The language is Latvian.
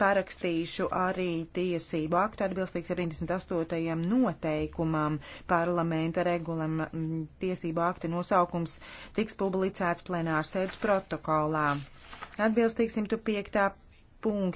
Parakstīšu arī tiesību aktu atbilstīgi 78. noteikumam parlamenta regulam. Mm, tiesību akta nosaukums tiks publicēts plenārsēdes protokolā. Atbilstīgi 105. punktu.